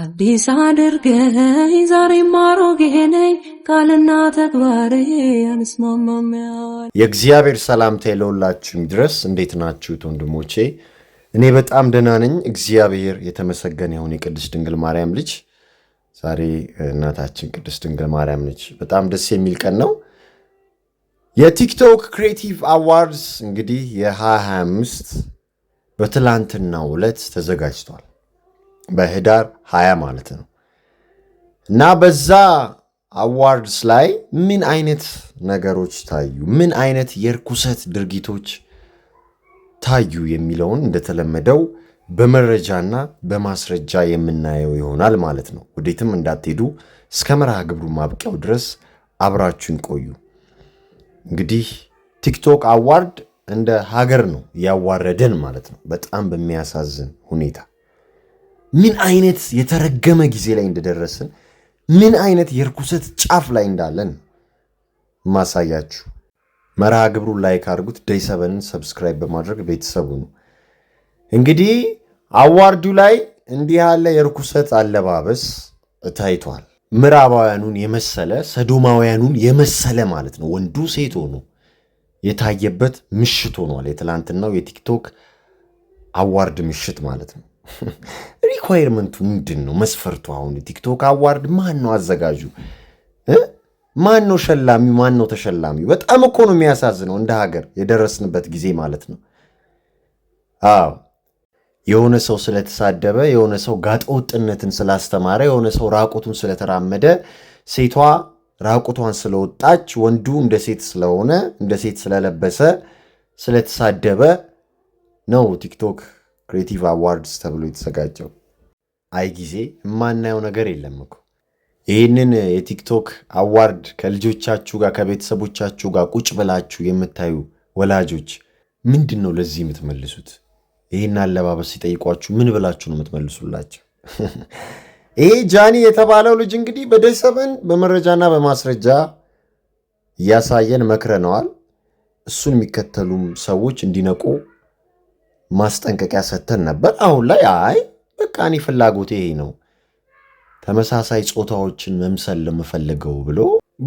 አዲስ አድርገኝ ዛሬም ነኝ፣ ቃልና ተግባሬ አንስማማም። የእግዚአብሔር ሰላምታ ለሁላችሁም ድረስ። እንዴት ናችሁት ወንድሞቼ? እኔ በጣም ደህና ነኝ። እግዚአብሔር የተመሰገነ ይሁን። የቅድስት ድንግል ማርያም ልጅ ዛሬ እናታችን ቅድስት ድንግል ማርያም ልጅ በጣም ደስ የሚል ቀን ነው። የቲክቶክ ክሬቲቭ አዋርድስ እንግዲህ የ2025 በትላንትናው ዕለት ተዘጋጅቷል። በህዳር 20 ማለት ነው እና በዛ አዋርድስ ላይ ምን አይነት ነገሮች ታዩ፣ ምን አይነት የርኩሰት ድርጊቶች ታዩ የሚለውን እንደተለመደው በመረጃና በማስረጃ የምናየው ይሆናል ማለት ነው። ወዴትም እንዳትሄዱ እስከ መርሃ ግብሩ ማብቂያው ድረስ አብራችሁን ቆዩ። እንግዲህ ቲክቶክ አዋርድ እንደ ሀገር ነው ያዋረደን ማለት ነው፣ በጣም በሚያሳዝን ሁኔታ ምን አይነት የተረገመ ጊዜ ላይ እንደደረስን ምን አይነት የርኩሰት ጫፍ ላይ እንዳለን ማሳያችሁ። መርሃ ግብሩን ላይክ አድርጉት፣ ደይሰበንን ሰብስክራይብ በማድረግ ቤተሰቡ ነው። እንግዲህ አዋርዱ ላይ እንዲህ ያለ የርኩሰት አለባበስ ታይቷል። ምዕራባውያኑን የመሰለ ሰዶማውያኑን የመሰለ ማለት ነው። ወንዱ ሴት ሆኖ የታየበት ምሽት ሆኗል። የትላንትናው የቲክቶክ አዋርድ ምሽት ማለት ነው። ሪኳየርመንቱ ምንድን ነው? መስፈርቱ አሁን ቲክቶክ አዋርድ ማን ነው አዘጋጁ? ማን ነው ሸላሚው? ማን ነው ተሸላሚው? በጣም እኮ ነው የሚያሳዝነው። እንደ ሀገር የደረስንበት ጊዜ ማለት ነው። አዎ የሆነ ሰው ስለተሳደበ፣ የሆነ ሰው ጋጠወጥነትን ስላስተማረ፣ የሆነ ሰው ራቁቱን ስለተራመደ፣ ሴቷ ራቁቷን ስለወጣች፣ ወንዱ እንደ ሴት ስለሆነ፣ እንደ ሴት ስለለበሰ፣ ስለተሳደበ ነው ቲክቶክ ክሬቲቭ አዋርድስ ተብሎ የተዘጋጀው። አይ ጊዜ የማናየው ነገር የለም እኮ። ይህንን የቲክቶክ አዋርድ ከልጆቻችሁ ጋር ከቤተሰቦቻችሁ ጋር ቁጭ ብላችሁ የምታዩ ወላጆች ምንድን ነው ለዚህ የምትመልሱት? ይህን አለባበስ ሲጠይቋችሁ ምን ብላችሁ ነው የምትመልሱላቸው? ይሄ ጃኒ የተባለው ልጅ እንግዲህ በደሰበን በመረጃና በማስረጃ እያሳየን መክረነዋል። እሱን የሚከተሉም ሰዎች እንዲነቁ ማስጠንቀቂያ ሰጥተን ነበር። አሁን ላይ አይ በቃ እኔ ይሄ ነው፣ ተመሳሳይ ጾታዎችን መምሰል ለምፈልገው ብሎ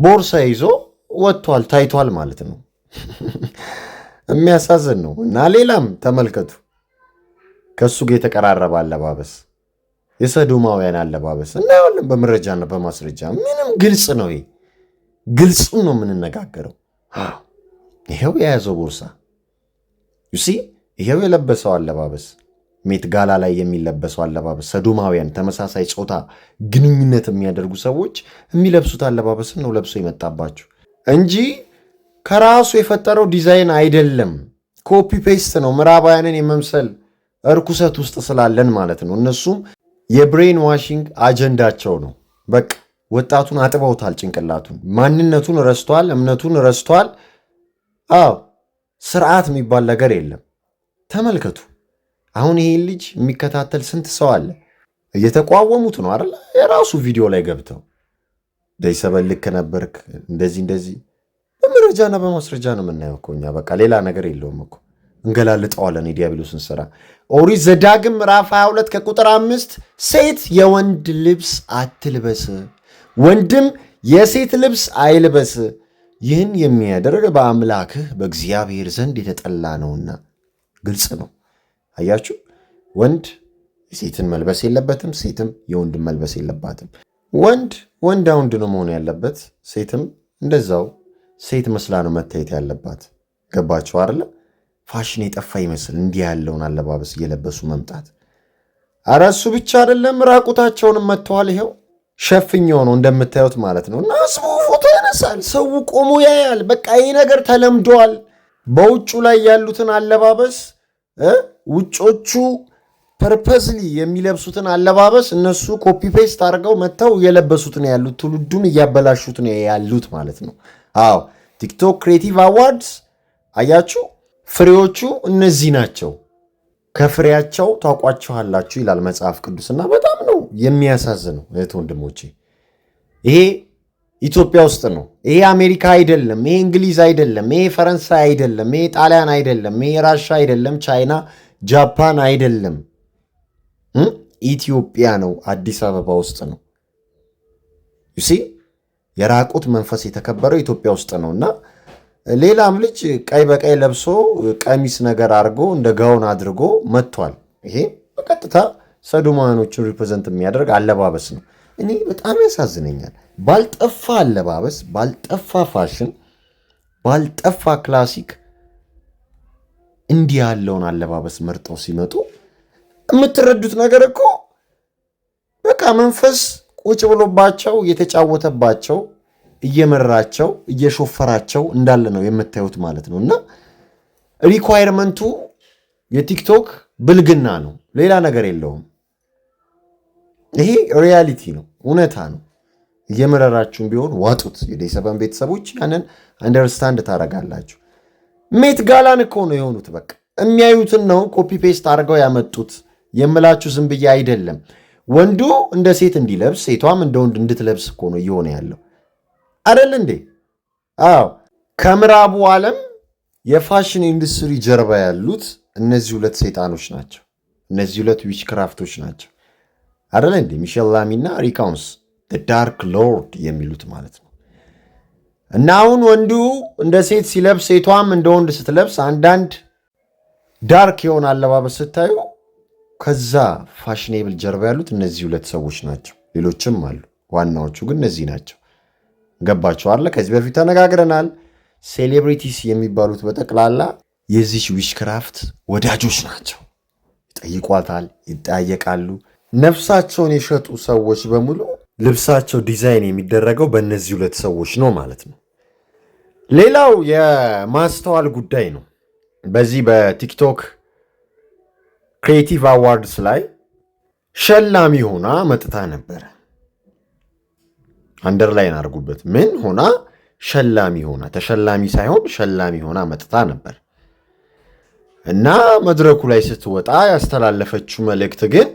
ቦርሳ ይዞ ወጥቷል፣ ታይቷል ማለት ነው። የሚያሳዝን ነው እና ሌላም ተመልከቱ። ከእሱ ጋር የተቀራረበ አለባበስ፣ የሰዶማውያን አለባበስ እናየዋለን በመረጃና በማስረጃ ምንም ግልጽ ነው። ይሄ ግልጽ ነው የምንነጋገረው። ይኸው የያዘው ቦርሳ ይኸው የለበሰው አለባበስ ሜት ጋላ ላይ የሚለበሰው አለባበስ ሰዶማውያን፣ ተመሳሳይ ጾታ ግንኙነት የሚያደርጉ ሰዎች የሚለብሱት አለባበስን ነው ለብሶ የመጣባቸው እንጂ ከራሱ የፈጠረው ዲዛይን አይደለም። ኮፒ ፔስት ነው። ምዕራባውያንን የመምሰል እርኩሰት ውስጥ ስላለን ማለት ነው። እነሱም የብሬን ዋሽንግ አጀንዳቸው ነው። በቃ ወጣቱን አጥበውታል። ጭንቅላቱን፣ ማንነቱን ረስቷል። እምነቱን ረስቷል። አዎ ስርዓት የሚባል ነገር የለም። ተመልከቱ። አሁን ይሄን ልጅ የሚከታተል ስንት ሰው አለ? እየተቋወሙት ነው አይደል? የራሱ ቪዲዮ ላይ ገብተው ደይሰበን ልክ ነበርክ፣ እንደዚህ እንደዚህ። በመረጃና በማስረጃ ነው የምናየው እኮ እኛ። በቃ ሌላ ነገር የለውም እኮ እንገላልጠዋለን የዲያብሎስን ስራ። ኦሪት ዘዳግም ምዕራፍ 22 ከቁጥር አምስት ሴት የወንድ ልብስ አትልበስ፣ ወንድም የሴት ልብስ አይልበስ፣ ይህን የሚያደርግ በአምላክህ በእግዚአብሔር ዘንድ የተጠላ ነውና ግልጽ ነው። አያችሁ ወንድ ሴትን መልበስ የለበትም፣ ሴትም የወንድን መልበስ የለባትም። ወንድ ወንድ አውንድ ነው መሆን ያለበት፣ ሴትም እንደዛው ሴት መስላ ነው መታየት ያለባት። ገባቸው አይደለ? ፋሽን የጠፋ ይመስል እንዲህ ያለውን አለባበስ እየለበሱ መምጣት። አረ እሱ ብቻ አይደለም፣ ራቁታቸውንም መጥተዋል። ይኸው ሸፍኛው ነው እንደምታዩት ማለት ነው። እና ህዝቡ ፎቶ ያነሳል፣ ሰው ቆሞ ያያል። በቃ ይህ ነገር ተለምደዋል። በውጩ ላይ ያሉትን አለባበስ ውጮቹ ፐርፐስሊ የሚለብሱትን አለባበስ እነሱ ኮፒ ፔስት አድርገው መጥተው እየለበሱት ነው ያሉት። ትውልዱን እያበላሹት ነው ያሉት ማለት ነው። አዎ ቲክቶክ ክሬቲቭ አዋርድስ አያችሁ፣ ፍሬዎቹ እነዚህ ናቸው። ከፍሬያቸው ታውቋችኋላችሁ ይላል መጽሐፍ ቅዱስና በጣም ነው የሚያሳዝነው እህት ወንድሞቼ ይሄ ኢትዮጵያ ውስጥ ነው። ይሄ አሜሪካ አይደለም፣ ይሄ እንግሊዝ አይደለም፣ ይሄ ፈረንሳይ አይደለም፣ ይሄ ጣሊያን አይደለም፣ ይሄ ራሻ አይደለም፣ ቻይና፣ ጃፓን አይደለም። ኢትዮጵያ ነው። አዲስ አበባ ውስጥ ነው። ዩሲ የራቁት መንፈስ የተከበረው ኢትዮጵያ ውስጥ ነው እና ሌላም ልጅ ቀይ በቀይ ለብሶ ቀሚስ ነገር አድርጎ እንደ ጋውን አድርጎ መጥቷል። ይሄ በቀጥታ ሰዱማኖችን ሪፕሬዘንት የሚያደርግ አለባበስ ነው። እኔ በጣም ያሳዝነኛል። ባልጠፋ አለባበስ፣ ባልጠፋ ፋሽን፣ ባልጠፋ ክላሲክ እንዲህ ያለውን አለባበስ መርጠው ሲመጡ የምትረዱት ነገር እኮ በቃ መንፈስ ቁጭ ብሎባቸው እየተጫወተባቸው እየመራቸው እየሾፈራቸው እንዳለ ነው የምታዩት ማለት ነው። እና ሪኳየርመንቱ የቲክቶክ ብልግና ነው፣ ሌላ ነገር የለውም። ይሄ ሪያሊቲ ነው፣ እውነታ ነው። እየመረራችሁን ቢሆን ዋጡት። የደሰበን ቤተሰቦች ያንን አንደርስታንድ ታደርጋላችሁ። ሜት ጋላን እኮ ነው የሆኑት። በቃ የሚያዩትን ነው ኮፒ ፔስት አድርገው ያመጡት የምላችሁ ዝም ብዬ አይደለም። ወንዱ እንደ ሴት እንዲለብስ ሴቷም እንደ ወንድ እንድትለብስ እኮ ነው እየሆነ ያለው አደል እንዴ? አዎ ከምዕራቡ ዓለም የፋሽን ኢንዱስትሪ ጀርባ ያሉት እነዚህ ሁለት ሰይጣኖች ናቸው። እነዚህ ሁለት ዊችክራፍቶች ናቸው አደለ እንዴ? ሚሸላሚና ሪካውንስ ዳርክ ሎርድ የሚሉት ማለት ነው። እና አሁን ወንዱ እንደ ሴት ሲለብስ ሴቷም እንደ ወንድ ስትለብስ አንዳንድ ዳርክ የሆነ አለባበስ ስታዩ ከዛ ፋሽኔብል ጀርባ ያሉት እነዚህ ሁለት ሰዎች ናቸው። ሌሎችም አሉ። ዋናዎቹ ግን እነዚህ ናቸው። ገባቸው አለ። ከዚህ በፊት ተነጋግረናል። ሴሌብሪቲስ የሚባሉት በጠቅላላ የዚች ዊሽክራፍት ወዳጆች ናቸው። ይጠይቋታል፣ ይጠያየቃሉ። ነፍሳቸውን የሸጡ ሰዎች በሙሉ ልብሳቸው ዲዛይን የሚደረገው በእነዚህ ሁለት ሰዎች ነው ማለት ነው። ሌላው የማስተዋል ጉዳይ ነው። በዚህ በቲክቶክ ክሬቲቭ አዋርድስ ላይ ሸላሚ ሆና መጥታ ነበረ። አንደርላይን አድርጉበት። ምን ሆና? ሸላሚ ሆና፣ ተሸላሚ ሳይሆን ሸላሚ ሆና መጥታ ነበር እና መድረኩ ላይ ስትወጣ ያስተላለፈችው መልእክት ግን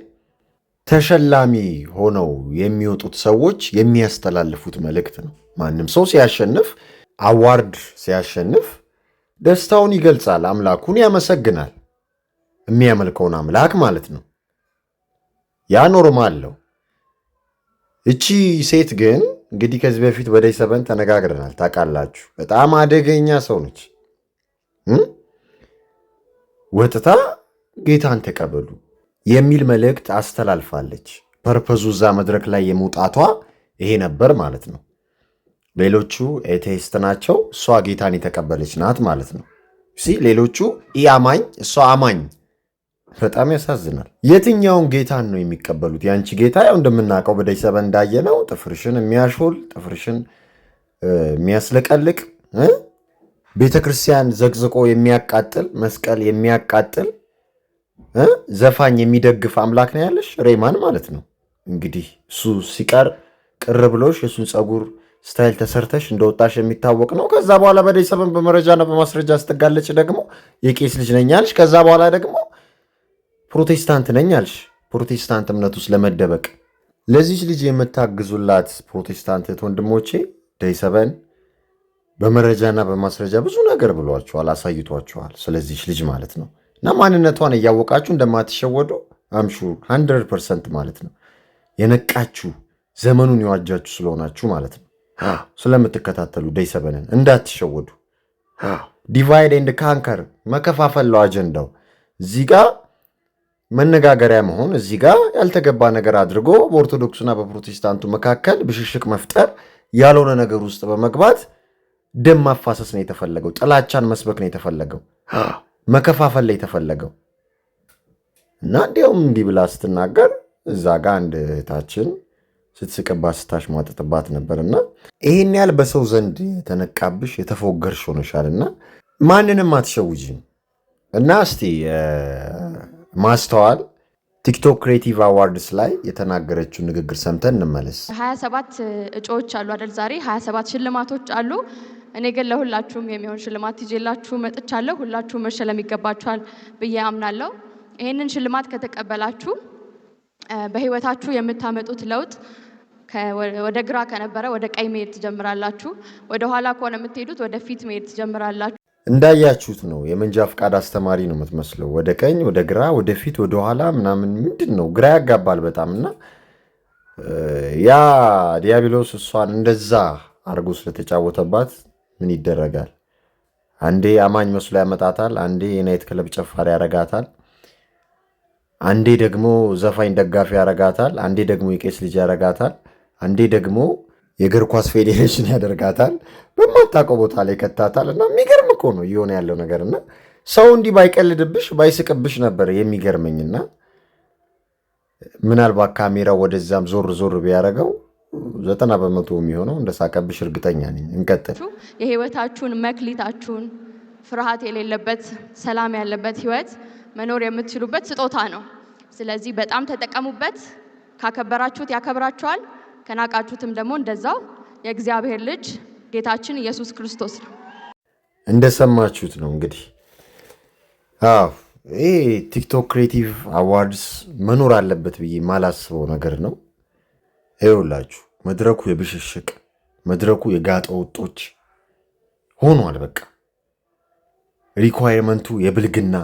ተሸላሚ ሆነው የሚወጡት ሰዎች የሚያስተላልፉት መልእክት ነው። ማንም ሰው ሲያሸንፍ፣ አዋርድ ሲያሸንፍ ደስታውን ይገልጻል፣ አምላኩን ያመሰግናል፣ የሚያመልከውን አምላክ ማለት ነው። ያ ኖርማል ነው። እቺ ሴት ግን እንግዲህ ከዚህ በፊት ወደ ሰበን ተነጋግረናል፣ ታውቃላችሁ። በጣም አደገኛ ሰው ነች። ወጥታ ጌታን ተቀበሉ የሚል መልእክት አስተላልፋለች። ፐርፐዙ እዛ መድረክ ላይ የመውጣቷ ይሄ ነበር ማለት ነው። ሌሎቹ ኤቴስት ናቸው፣ እሷ ጌታን የተቀበለች ናት ማለት ነው። ሲ ሌሎቹ ኢ አማኝ፣ እሷ አማኝ። በጣም ያሳዝናል። የትኛውን ጌታን ነው የሚቀበሉት? ያንቺ ጌታ ያው እንደምናውቀው በደይሰበ እንዳየ ነው ጥፍርሽን የሚያሾል ጥፍርሽን የሚያስለቀልቅ ቤተ ክርስቲያን ዘቅዝቆ የሚያቃጥል መስቀል የሚያቃጥል ዘፋኝ የሚደግፍ አምላክ ነው ያለሽ ሬማን ማለት ነው። እንግዲህ እሱ ሲቀር ቅር ብሎሽ የእሱን ፀጉር ስታይል ተሰርተሽ እንደወጣሽ የሚታወቅ ነው። ከዛ በኋላ በደይ ሰበን በመረጃና በማስረጃ ስትጋለጭ ደግሞ የቄስ ልጅ ነኝ አልሽ። ከዛ በኋላ ደግሞ ፕሮቴስታንት ነኝ አልሽ። ፕሮቴስታንት እምነት ውስጥ ለመደበቅ ለዚች ልጅ የምታግዙላት ፕሮቴስታንት እህት ወንድሞቼ ደይ ሰበን በመረጃና በማስረጃ ብዙ ነገር ብሏቸዋል፣ አሳይቷቸዋል። ስለዚች ልጅ ማለት ነው። እና ማንነቷን እያወቃችሁ እንደማትሸወዱ አምሹ ሀንድረድ ፐርሰንት ማለት ነው። የነቃችሁ ዘመኑን የዋጃችሁ ስለሆናችሁ ማለት ነው። ስለምትከታተሉ ደይ ሰበንን እንዳትሸወዱ። ዲቫይድ ኤንድ ካንከር መከፋፈል ነው አጀንዳው። እዚህ ጋ መነጋገሪያ መሆን፣ እዚህ ጋ ያልተገባ ነገር አድርጎ በኦርቶዶክሱና በፕሮቴስታንቱ መካከል ብሽሽቅ መፍጠር፣ ያልሆነ ነገር ውስጥ በመግባት ደም ማፋሰስ ነው የተፈለገው። ጥላቻን መስበክ ነው የተፈለገው። መከፋፈል ላይ የተፈለገው እና እንዲያውም እንዲህ ብላ ስትናገር እዛ ጋ አንድ እህታችን ስትስቅባት ስታሽሟጥጥባት ነበር እና ይህን ያህል በሰው ዘንድ የተነቃብሽ የተፎገርሽ ሆነሻል እና ማንንም አትሸውጂም እና እስቲ ማስተዋል ቲክቶክ ክሬቲቭ አዋርድስ ላይ የተናገረችውን ንግግር ሰምተን እንመለስ። 27 እጩዎች አሉ አደል ዛሬ 27 ሽልማቶች አሉ። እኔ ግን ለሁላችሁም የሚሆን ሽልማት ይዤላችሁ መጥቻለሁ። ሁላችሁ መሸለም ይገባችኋል ብዬ አምናለሁ። ይህንን ሽልማት ከተቀበላችሁ በህይወታችሁ የምታመጡት ለውጥ ወደ ግራ ከነበረ ወደ ቀኝ መሄድ ትጀምራላችሁ። ወደ ኋላ ከሆነ የምትሄዱት ወደ ፊት መሄድ ትጀምራላችሁ። እንዳያችሁት ነው። የመንጃ ፈቃድ አስተማሪ ነው የምትመስለው። ወደ ቀኝ፣ ወደ ግራ፣ ወደ ፊት፣ ወደ ኋላ ምናምን ምንድን ነው ግራ ያጋባል በጣም እና ያ ዲያብሎስ እሷን እንደዛ አድርጎ ስለተጫወተባት ምን ይደረጋል? አንዴ አማኝ መስሎ ያመጣታል፣ አንዴ የናይት ክለብ ጨፋሪ ያረጋታል፣ አንዴ ደግሞ ዘፋኝ ደጋፊ ያረጋታል፣ አንዴ ደግሞ የቄስ ልጅ ያረጋታል፣ አንዴ ደግሞ የእግር ኳስ ፌዴሬሽን ያደርጋታል፣ በማታውቀው ቦታ ላይ ከታታል። እና የሚገርም እኮ ነው እየሆነ ያለው ነገር እና ሰው እንዲህ ባይቀልድብሽ ባይስቅብሽ ነበር የሚገርመኝና ምናልባት ካሜራው ወደዛም ዞር ዞር ቢያደርገው ዘጠና በመቶ የሚሆነው ሳቀብሽ እርግጠኛ ነኝ። እንቀጥል። የህይወታችሁን መክሊታችሁን ፍርሃት የሌለበት ሰላም ያለበት ህይወት መኖር የምትችሉበት ስጦታ ነው። ስለዚህ በጣም ተጠቀሙበት። ካከበራችሁት ያከብራችኋል፣ ከናቃችሁትም ደግሞ እንደዛው። የእግዚአብሔር ልጅ ጌታችን ኢየሱስ ክርስቶስ ነው። እንደሰማችሁት ነው እንግዲህ አዎ ይሄ ቲክቶክ ክሬቲቭ አዋርድስ መኖር አለበት ብዬ ማላስበው ነገር ነው። ይኸውላችሁ መድረኩ የብሽሽቅ መድረኩ የጋጠ ወጦች ሆኗል። በቃ ሪኳየርመንቱ የብልግና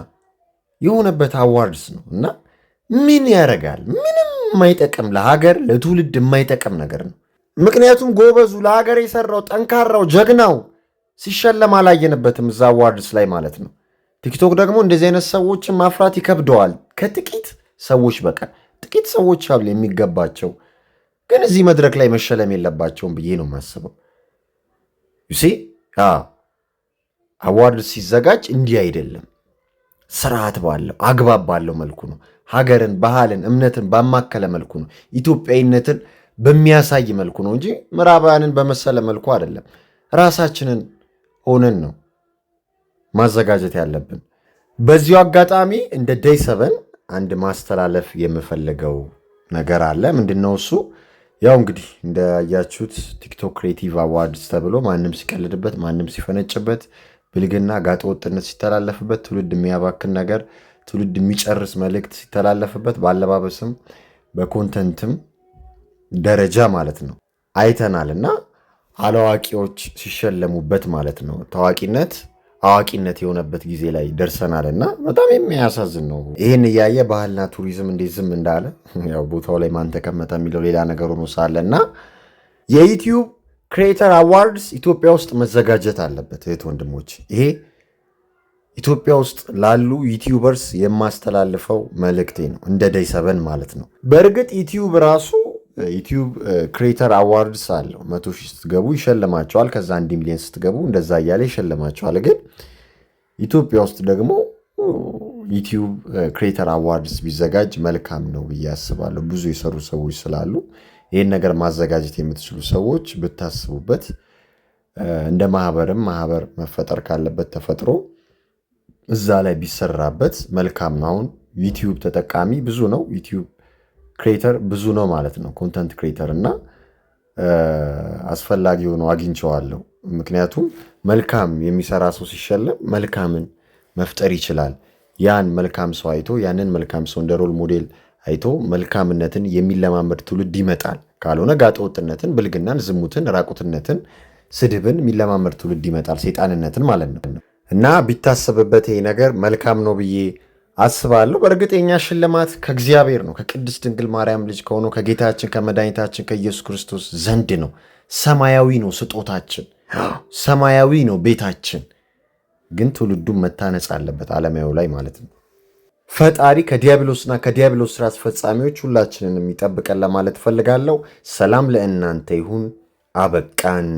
የሆነበት አዋርድስ ነው እና ምን ያደርጋል? ምንም የማይጠቅም ለሀገር ለትውልድ የማይጠቅም ነገር ነው። ምክንያቱም ጎበዙ ለሀገር የሰራው ጠንካራው ጀግናው ሲሸለም አላየንበትም እዛ አዋርድስ ላይ ማለት ነው። ቲክቶክ ደግሞ እንደዚህ አይነት ሰዎችን ማፍራት ይከብደዋል ከጥቂት ሰዎች በቀር። ጥቂት ሰዎች አሉ የሚገባቸው ግን እዚህ መድረክ ላይ መሸለም የለባቸውም ብዬ ነው የማስበው። ዩሴ አዋርድ ሲዘጋጅ እንዲህ አይደለም፣ ስርዓት ባለው አግባብ ባለው መልኩ ነው። ሀገርን፣ ባህልን፣ እምነትን ባማከለ መልኩ ነው። ኢትዮጵያዊነትን በሚያሳይ መልኩ ነው እንጂ ምዕራባውያንን በመሰለ መልኩ አይደለም። ራሳችንን ሆነን ነው ማዘጋጀት ያለብን። በዚሁ አጋጣሚ እንደ ደይ ሰበን አንድ ማስተላለፍ የምፈልገው ነገር አለ። ምንድነው እሱ? ያው እንግዲህ እንዳያችሁት ቲክቶክ ክሬቲቭ አዋርድስ ተብሎ ማንም ሲቀልድበት፣ ማንም ሲፈነጭበት፣ ብልግና ጋጦ ወጥነት ሲተላለፍበት፣ ትውልድ የሚያባክን ነገር ትውልድ የሚጨርስ መልእክት ሲተላለፍበት፣ በአለባበስም በኮንተንትም ደረጃ ማለት ነው አይተናል እና አላዋቂዎች ሲሸለሙበት ማለት ነው ታዋቂነት አዋቂነት የሆነበት ጊዜ ላይ ደርሰናል እና በጣም የሚያሳዝን ነው። ይህን እያየ ባህልና ቱሪዝም እንዴት ዝም እንዳለ ያው ቦታው ላይ ማን ተቀመጠ የሚለው ሌላ ነገር ሆኖ ሳለ እና የዩትዩብ ክሬተር አዋርድስ ኢትዮጵያ ውስጥ መዘጋጀት አለበት። እህት ወንድሞች፣ ይሄ ኢትዮጵያ ውስጥ ላሉ ዩትዩበርስ የማስተላልፈው መልእክቴ ነው። እንደ ደይሰበን ማለት ነው። በእርግጥ ዩትዩብ ራሱ ዩቲዩብ ክሬተር አዋርድስ አለው። መቶ ሺህ ስትገቡ ይሸልማቸዋል። ከዛ አንድ ሚሊዮን ስትገቡ እንደዛ እያለ ይሸልማቸዋል። ግን ኢትዮጵያ ውስጥ ደግሞ ዩቲዩብ ክሬተር አዋርድስ ቢዘጋጅ መልካም ነው ብዬ አስባለሁ። ብዙ የሰሩ ሰዎች ስላሉ ይህን ነገር ማዘጋጀት የምትችሉ ሰዎች ብታስቡበት፣ እንደ ማህበርም ማህበር መፈጠር ካለበት ተፈጥሮ እዛ ላይ ቢሰራበት መልካም ነው። አሁን ዩቲዩብ ተጠቃሚ ብዙ ነው። ዩቲዩብ ክሬተር ብዙ ነው ማለት ነው። ኮንተንት ክሬተር እና አስፈላጊ ሆኖ አግኝቸዋለሁ። ምክንያቱም መልካም የሚሰራ ሰው ሲሸለም መልካምን መፍጠር ይችላል። ያን መልካም ሰው አይቶ ያንን መልካም ሰው እንደ ሮል ሞዴል አይቶ መልካምነትን የሚለማመድ ትውልድ ይመጣል። ካልሆነ ጋጠወጥነትን፣ ብልግናን፣ ዝሙትን፣ ራቁትነትን፣ ስድብን የሚለማመድ ትውልድ ይመጣል። ሴጣንነትን ማለት ነው እና ቢታሰብበት ይሄ ነገር መልካም ነው ብዬ አስባለሁ። በእርግጥ የኛ ሽልማት ከእግዚአብሔር ነው፣ ከቅድስት ድንግል ማርያም ልጅ ከሆነው ከጌታችን ከመድኃኒታችን ከኢየሱስ ክርስቶስ ዘንድ ነው። ሰማያዊ ነው ስጦታችን፣ ሰማያዊ ነው ቤታችን። ግን ትውልዱን መታነጽ አለበት፣ አለማዊ ላይ ማለት ነው። ፈጣሪ ከዲያብሎስና ከዲያብሎስ ስራ አስፈጻሚዎች ሁላችንን የሚጠብቀን ለማለት እፈልጋለሁ። ሰላም ለእናንተ ይሁን። አበቃን።